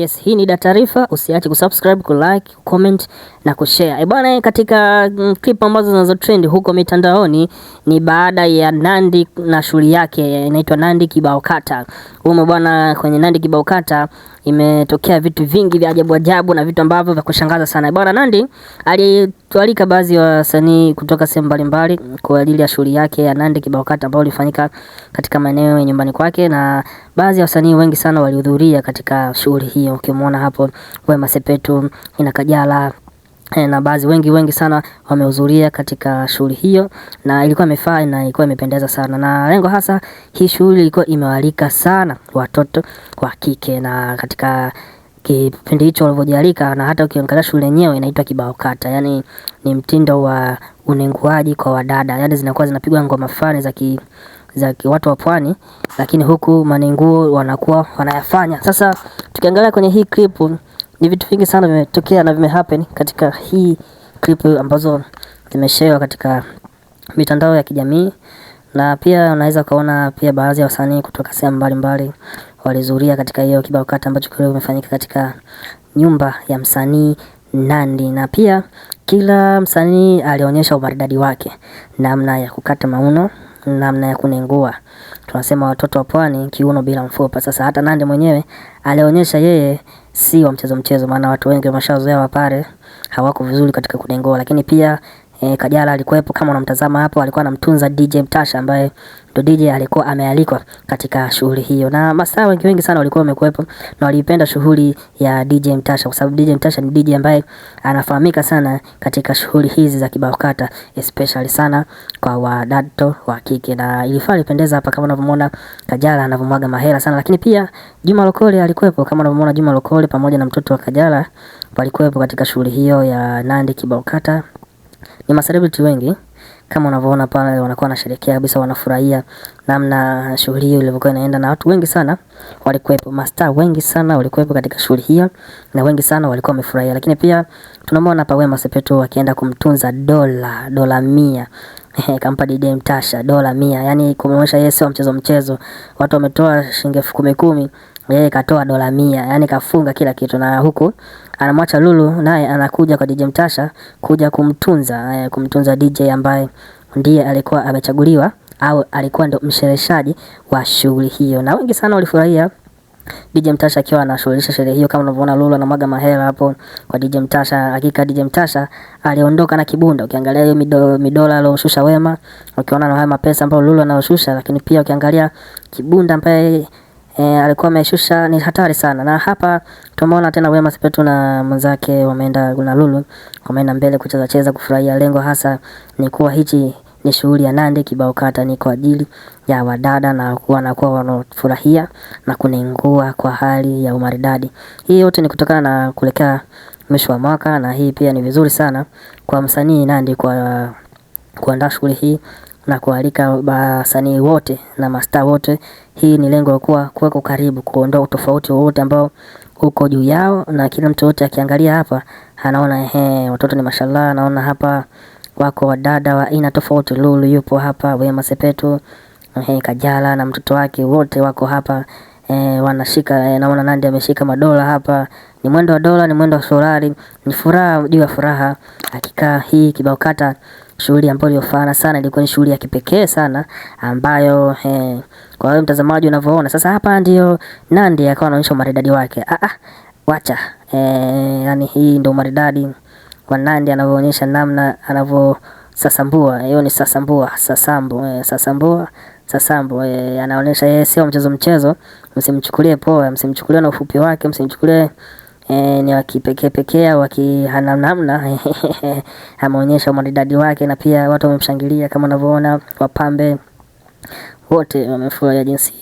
Yes, hii ni Da Taarifa, usiache kusubscribe, kulike, kucomment na kushare. E bwana, katika mm, clip ambazo zinazo trend huko mitandaoni ni baada ya Nandy na shughuli yake inaitwa Nandy Kibao Kata. Huyo bwana kwenye Nandy Kibao Kata imetokea vitu vingi vya ajabu ajabu na vitu ambavyo vya kushangaza sana. Bwana Nandi alitualika baadhi ya wasanii kutoka sehemu mbalimbali kwa ajili ya shughuli yake ya Nandi Kibao Kata ambayo ilifanyika katika maeneo ya nyumbani kwake, na baadhi ya wasanii wengi sana walihudhuria katika shughuli hiyo, ukimwona hapo Wema Sepetu, Ina Kajala E, na baadhi wengi wengi sana wamehudhuria katika shughuli hiyo, na ilikuwa imefaa na ilikuwa imependeza sana, na lengo hasa hii shughuli ilikuwa imewalika sana watoto wa kike, na katika kipindi hicho walivyojalika, na hata ukiangalia shule yenyewe inaitwa kibao kata, yani ni mtindo wa unenguaji kwa wadada, yani zinakuwa zinapigwa ngoma fulani za ki za watu wa pwani, lakini huku manenguo wanakuwa wanayafanya sasa Tukiangalia kwenye hii clip ni vitu vingi sana vimetokea na vimehappen katika hii clip ambazo zimeshare katika mitandao ya kijamii, na pia unaweza ukaona pia baadhi ya wasanii kutoka sehemu mbalimbali walizuria katika hiyo kibao kata ambacho kile kimefanyika katika nyumba ya msanii Nandy, na pia kila msanii alionyesha umaridadi wake, namna ya kukata mauno, namna ya kunengua tunasema watoto wa pwani kiuno bila mfupa. Sasa hata Nandi mwenyewe alionyesha yeye si wa mchezo mchezo, maana watu wengi wameshazoea Wapare hawako vizuri katika kudengoa, lakini pia E, Kajala alikuwepo kama unamtazama hapo, alikuwa anamtunza DJ Mtasha ambaye ndo DJ alikuwa amealikwa katika shughuli hiyo, na masaa wengi wengi sana walikuwa wamekuwepo na waliipenda shughuli ya DJ Mtasha kwa sababu DJ Mtasha ni DJ ambaye anafahamika sana katika shughuli hizi za kibao especially sana kwa wadato wa kike, na ilifaa lipendeza hapa kama unavyomwona Kajala anavyomwaga mahela sana, lakini pia Juma Lokole alikuwepo kama unavyomwona Juma Lokole pamoja na mtoto wa Kajala walikuwepo katika shughuli hiyo ya Nandi kibao ni maselebriti wengi kama unavyoona pale, wanakuwa wanasherehekea kabisa, wanafurahia namna shughuli hiyo ilivyokuwa inaenda, na watu wengi sana walikuwepo, masta wengi sana walikuwepo katika shughuli hiyo, na wengi sana walikuwa wamefurahia. Lakini pia tunamwona hapa Wema Sepetu akienda kumtunza dola dola mia kampa DJ Mtasha dola mia, yani kumwonyesha yeye sio mchezo mchezo. Watu wametoa shilingi elfu kumi kumi, yeye katoa dola mia, yani kafunga kila kitu na huku anamwacha Lulu, naye anakuja kwa DJ Mtasha kuja kumtunza eh, kumtunza DJ ambaye ndiye alikuwa amechaguliwa au alikuwa ndo mshereheshaji wa shughuli hiyo, na wengi sana walifurahia DJ Mtasha akiwa anashughulisha sherehe hiyo. Kama unavyoona Lulu anamwaga mahela hapo kwa DJ Mtasha. Hakika DJ Mtasha aliondoka na kibunda, ukiangalia hiyo mido, midola aliyoshusha Wema, ukiona na haya mapesa ambayo Lulu anayoshusha, lakini pia ukiangalia kibunda ambaye e, alikuwa ameshusha, ni hatari sana. Na hapa tumeona tena Wema Sepetu na mwenzake wameenda na Lulu wameenda mbele kucheza cheza, kufurahia. Lengo hasa ni kuwa hichi ni shughuli ya Nande kibao kata, ni kwa ajili ya wadada na wanakuwa wanafurahia na kunengua kwa hali ya umaridadi. Hii yote ni kutokana na kuelekea mwisho wa mwaka, na hii pia ni vizuri sana kwa msanii Nandi kwa kuandaa shughuli hii na kualika wasanii wote na mastaa wote. Hii ni lengo la kuwa kuweko karibu, kuondoa utofauti wowote ambao uko juu yao, na kila mtu yote akiangalia hapa anaona ehe, watoto ni mashallah, anaona hapa wako wadada wa aina tofauti. Lulu yupo hapa, Wema Sepetu, ehe, Kajala na mtoto wake wote wako hapa, eh, wanashika eh, naona nandi ameshika madola hapa ni mwendo wa dola, ni mwendo wa solari, ni furaha juu ya furaha. Hakika hii kibao kata, shughuli ambayo iliyofana sana, ilikuwa ni shughuli ya kipekee sana ambayo he, eh, kwa wewe mtazamaji unavyoona sasa. Hapa ndio Nandy akawa anaonyesha umaridadi wake. Ah, ah, wacha eh, yani hii ndio umaridadi kwa Nandy anavyoonyesha namna anavyo sasambua hiyo ni sasambua sasambu e, sasambua sasambu e, anaonyesha yeye sio mchezo mchezo. Msimchukulie poa, msimchukulie na ufupi wake, msimchukulie e, ni wakipekepekee au wakihanamnamna ameonyesha umaridadi wake, na pia watu wamemshangilia kama unavyoona, wapambe wote wamefurahia jinsi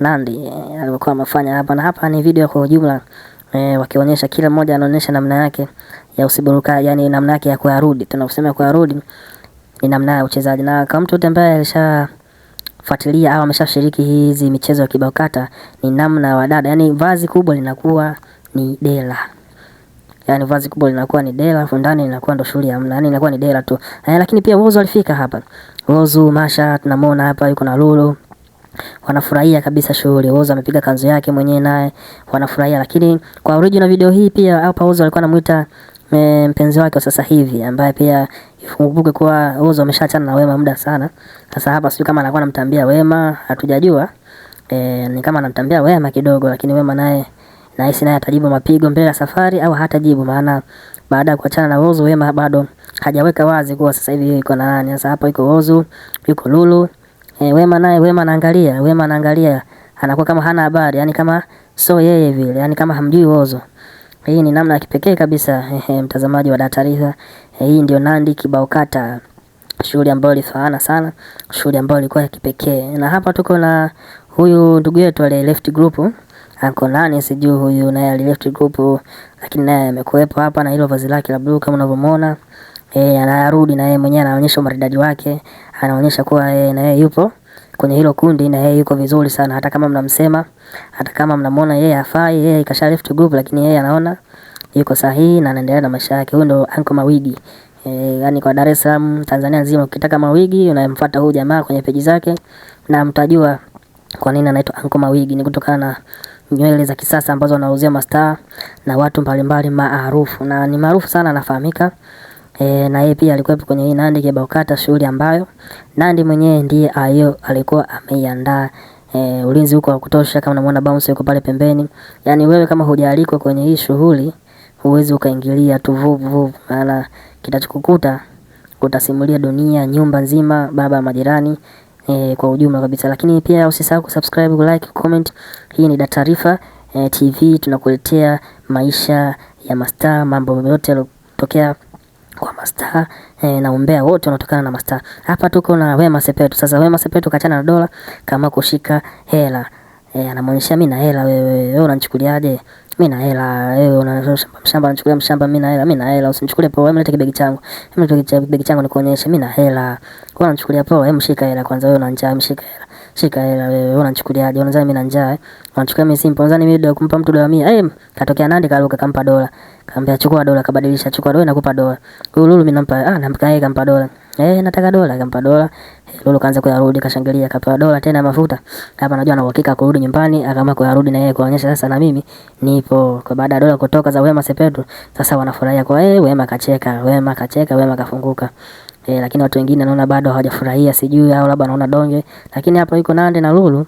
Nandi e, alivyokuwa amefanya hapa na hapa. Ni video kwa ujumla e, wakionyesha kila mmoja anaonyesha namna yake ya usiburuka, yani namna yake ya kuyarudi. Tunaposema kuarudi ni namna ya uchezaji, na kama mtu ambaye alisha fuatilia au ameshashiriki hizi michezo ya kibao ni namna wadada, yani vazi kubwa linakuwa ni dela yani vazi kubwa linakuwa ni dela, afu ndani linakuwa ndo shuli hamna, yani inakuwa ni dela tu eh. Lakini pia Whozu alifika hapa, Whozu Masha tunamuona hapa yuko na Lulu, wanafurahia kabisa shughuli. Whozu amepiga kanzu yake mwenyewe naye wanafurahia, lakini kwa original video hii pia hapa Whozu alikuwa anamuita mpenzi wake wa sasa hivi ambaye pia ifunguke kuwa Whozu ameshaachana na Wema muda sana sasa. Hapa sio kama anakuwa anamtambia Wema, hatujajua E, ni kama anamtambia Wema kidogo, lakini Wema naye nahisi naye atajibu mapigo mbele ya safari au hata jibu, maana baada ya kuachana na Whozu, Wema bado hajaweka wazi kuwa sasa hivi yuko na nani. Sasa hapo yuko Whozu, yuko Lulu e, Wema naye Wema anaangalia Wema anaangalia anakuwa kama hana habari, yani kama so yeye vile, yani kama hamjui Whozu. Hii ni namna ya kipekee kabisa ehe, mtazamaji wa E, Hii ndio Nandy kibao kata, shughuli ambayo ilifaana sana, shughuli ambayo ilikuwa ya kipekee. Na hapa tuko na huyu ndugu yetu ale left group ako nani sijui huyu naye alileft group, lakini naye amekuwepo hapa na hilo vazi lake la blue kama unavyomwona eh, anarudi na yeye mwenyewe anaonyesha umaridadi wake, anaonyesha kuwa yeye na yeye yupo kwenye hilo kundi na yeye yuko vizuri sana, hata kama mnamsema, hata kama mnamwona yeye hafai, yeye kasha left group, lakini yeye anaona yuko sahihi na anaendelea na maisha yake. Huyo ndo Anko Mawigi. E, eh, yani kwa Dar es Salaam Tanzania nzima ukitaka Mawigi unayemfuata huyu jamaa kwenye peji zake na mtajua kwa nini anaitwa Anko Mawigi ni kutokana na nywele za kisasa ambazo wanauzia mastaa na watu mbalimbali maarufu, na ni maarufu sana, anafahamika e, na yeye pia alikuwa kwenye hii Nandy kibao shughuli ambayo Nandy mwenyewe ndiye ayo alikuwa ameiandaa. E, ulinzi huko wa kutosha, kama unamwona bounce yuko pale pembeni. Yani wewe kama hujaalikwa kwenye hii shughuli huwezi ukaingilia tu vuvu vuvu, maana kitachokukuta utasimulia dunia, nyumba nzima, baba, majirani e, kwa ujumla kabisa, lakini pia usisahau kusubscribe, like, comment. Hii ni Dataarifa e, eh, TV, tunakuletea maisha ya mastaa, mambo yote yalotokea kwa mastaa e, na umbea wote unaotokana na mastaa. Hapa tuko na Wema Sepetu. Sasa Wema Sepetu kachana na Dola kama kushika hela e, anamwonyesha mimi na hela, wewe wewe unanichukuliaje? Mimi na hela, wewe eh, una mshamba unanichukulia mshamba, mimi na hela, mimi na hela, usinichukulie poa, hebu leta kibegi changu. Hebu leta kibegi changu nikuonyeshe, mimi na hela. Wewe unanichukulia poa, hebu shika hela kwanza, wewe una njaa, mshika hela shika hela wewe, unachukuliaje? Unadhani mimi na njaa? Eh? Unachukia mimi simple, unadhani mimi ndio kumpa mtu dola 100? Eh, katokea Nandi karuka kampa dola, kaambia chukua dola, kabadilisha, chukua dola, nakupa dola. Huyu Lulu mimi nampa, ah, nampa yeye, kampa dola. Eh, nataka dola, kampa dola. Eh, Lulu kaanza kuyarudi, kashangilia, kapewa dola tena mafuta. Hapa najua ana uhakika kurudi nyumbani, akaamua kuyarudi na yeye kuonyesha sasa na mimi nipo. Kwa baada ya dola kutoka za Wema Sepetu, sasa wanafurahia kwa yeye, eh, Wema kacheka, Wema kacheka, Wema kafunguka e, lakini watu wengine naona bado hawajafurahia, sijui au labda naona donge, lakini hapa iko Nande na Lulu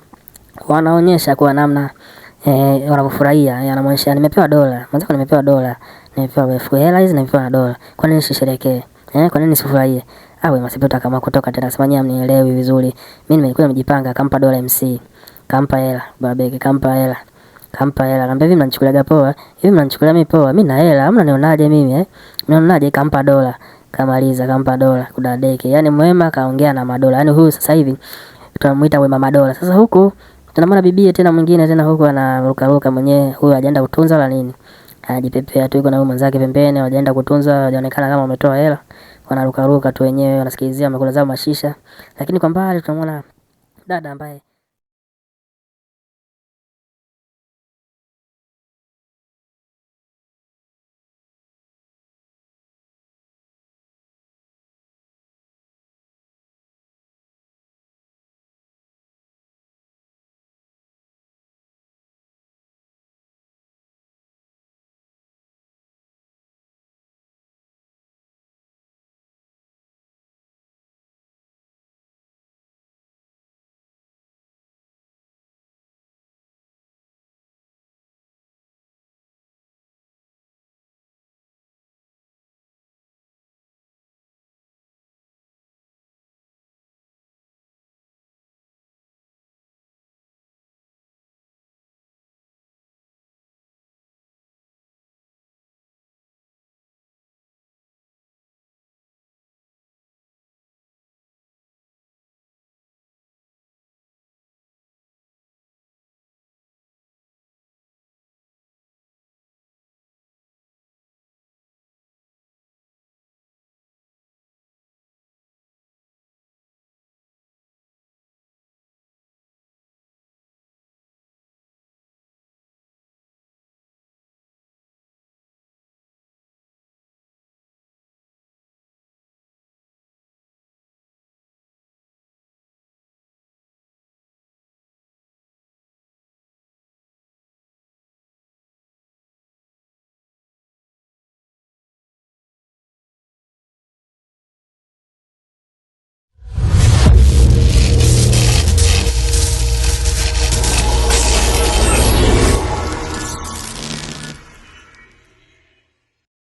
wanaonyesha kwa namna eh, wanavyofurahia eh, anamwonyesha, nimepewa dola mwanzo, nimepewa dola, nimepewa elfu hela hizi, nimepewa na dola. Kwa nini nisisherekee eh? Kwa nini nisifurahie? Awe ah, masipota kama kutoka tena, sema mnielewi vizuri, mimi Nimekuwa nimejipanga, kampa dola MC, kampa hela babeke, kampa hela, kampa hela, naambia hivi, mnanichukulia poa hivi, mnanichukulia mimi poa? Mimi na hela, nionaje mimi eh? Mnanionaje? Kampa dola kamaliza kampa dola kudadeke. Yani mwema kaongea na Madola, yani huyu sasa hivi tunamuita Wema Madola. Sasa huku tunamwona bibie tena mwingine tena huku anarukaruka mwenyewe, huyu hajaenda kutunza la nini, anajipepea tu, yuko na huyu mwenzake pembeni, hajaenda kutunza, hajaonekana kama wametoa hela, wanarukaruka tu wenyewe, wanasikilizia, wamekula zao mashisha, lakini kwa mbali tunamwona dada ambaye